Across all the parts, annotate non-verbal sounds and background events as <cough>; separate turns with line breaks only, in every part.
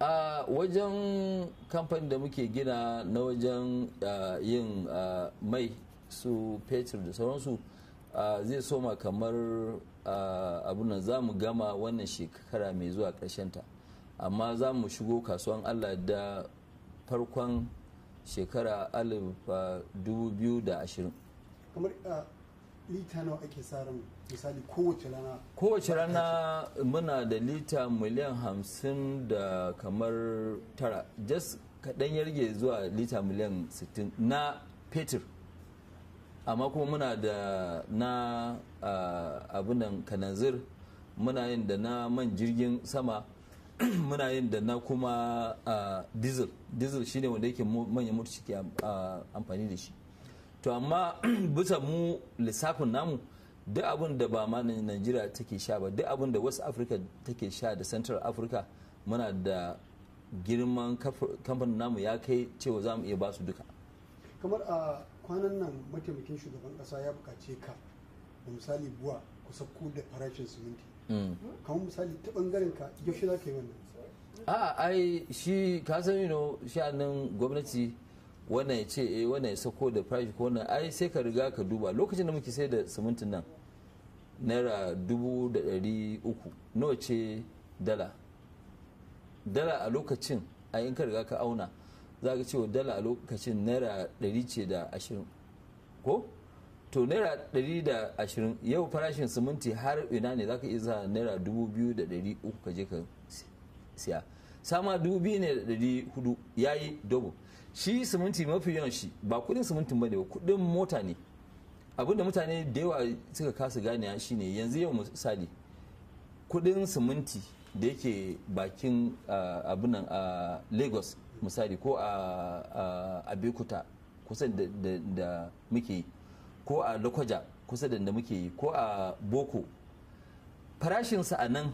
a wajen kamfanin da muke gina na wajen yin mai su fetur da sauransu zai soma kamar abunan za mu gama wannan shekara mai zuwa ta amma za mu shigo kasuwan allah da farkon shekara 2020
lita nawa ake misali kowace rana
kowace rana muna da lita miliyan hamsin da kamar tara just kaɗan ya rage zuwa lita miliyan sittin na fetur amma kuma muna da na abunan kananzir muna yin da na man jirgin sama <clears throat> muna yin da na kuma uh, diesel diesel shine wanda yake manyan mutu ke amfani da shi to amma <clears throat> bisa mu lissafin namu duk abin da ba ma najeriya take sha ba duk abin da west africa take sha da central africa muna da girman kamfanin namu ya kai cewa za mu iya ba su duka
kamar a kwanan nan mataimakin shugaban kasa ya bukace ka da misali buwa ku da farashin siminti mm. kamar misali ta bangaren ka yaushe za ka yi wannan
a ai shi ka sani no sha'anin gwamnati wannan ya ce eh wannan ya sako da farashi ko wannan ai sai ka riga ka duba lokacin da muke sai da simintin nan naira dubu da ɗari uku nawa ce dala dala a lokacin a in ka riga ka auna za ka cewa dala a lokacin naira ɗari ce da ashirin ko to naira ɗari da ashirin yau farashin siminti har ina ne za ka iya naira dubu biyu da ɗari uku ka je ka siya sama dubu biyu ne da dari hudu ya yi dobo shi siminti mafi yawan shi ba kudin siminti ba ne ba kudin mota ne abinda mutane da yawa suka kasa gane shi ne yanzu yau misali kudin siminti da yake bakin abinan a lagos misali ko a abekuta kusa da muke yi ko a lokoja kusa da muke yi ko a boko farashinsa a nan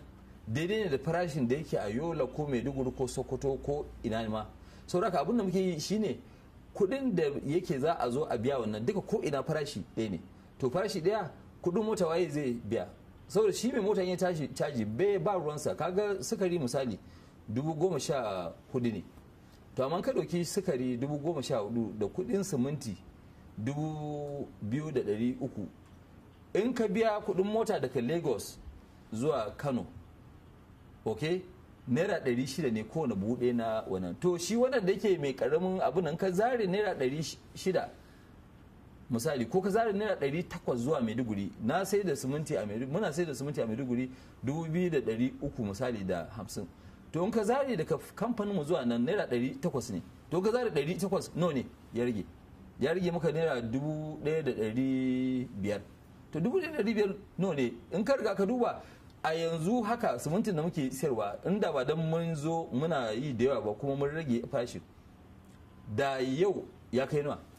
daidai ne da farashin da yake a yola ko mai maiduguri ko sokoto ko ina ma sauraka abin da muke yi shine kuɗin da yake za a zo a biya wannan duka ko ina farashi ɗaya ne to farashi ɗaya kuɗin mota waye zai biya saboda shi mai mota ya tashi caji bai ba ruwansa kaga sukari misali dubu goma sha hudu ne to amma ka ɗauki sukari dubu goma sha hudu da kuɗin siminti dubu biyu da ɗari uku in ka biya kuɗin mota daga lagos zuwa kano ok naira ɗari shida ne kowane buɗe na wannan to shi wannan da yake mai ƙaramin abu nan ka zare naira ɗari shida misali ko ka zare naira ɗari takwas zuwa maiduguri na sai da siminti a maiduguri muna sai da siminti a maiduguri dubu biyu da ɗari uku misali da hamsin to in ka zare daga kamfanin mu zuwa nan naira ɗari takwas ne to ka zare ɗari takwas nawa ne ya rage ya rage maka naira dubu ɗaya da ɗari biyar to dubu ɗaya da ɗari biyar nawa ne in ka riga ka duba a yanzu haka simintin da muke sayarwa inda ba don mun zo muna yi da yawa ba kuma mun rage fashin da yau ya kai nawa